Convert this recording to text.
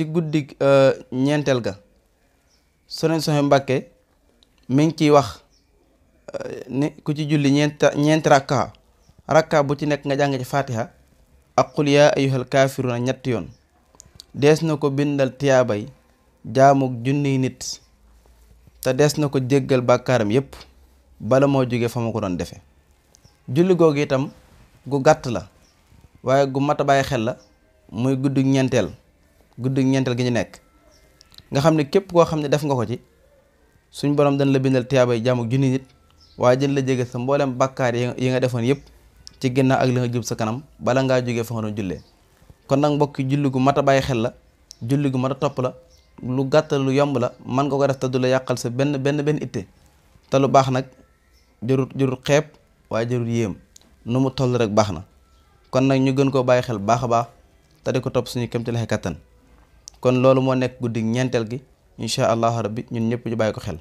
ci guddi euh, ñeenteel ga Sëriñ Sohaybu Mbàkke mi ngi ciy wax euh, ni ku ci julli ñeent ñeent rakka bu ci nekk nga jàng ci fatiha ak qul yaa ayyuhal kaafiruuna ñett yoon dees na ko bindal tiyaabay jaamuk junniy nit te dees na ko jéggal bàkkaaram yépp bala moo jóge fa ma ko doon defe julli googu itam gu gàtt la waaye gu mat bàyyi xel la muy guddi ñeenteel guddi ñeenteel gi ñu nekk nga xam ne képp koo xam ne def nga ko ci suñ borom dañ la bindal tiyaabay jàmm junni nit waaye jën la jege sa mboolem bàkkaar yi nga defoon yëpp ci ginnaaw ak li nga sa kanam bala ngaa jógee fa nga doon jullee kon nag mbokki julli gu mat a bàyyi xel la julli gu mat a topp la lu gàttal lu yomb la man nga ko def te du la yàqal sa benn benn benn itte te lu baax nag jarut jarut xeeb waaye jarut yéem nu mu toll rek baax na kon nag ñu gën koo bàyyi xel baax a baax te di ko topp suñu kémti laxe kattan kon loolu moo nekk guddi ñeenteel gi incha allahu rabbi ñun ñëpp ñu bàyyi ko xel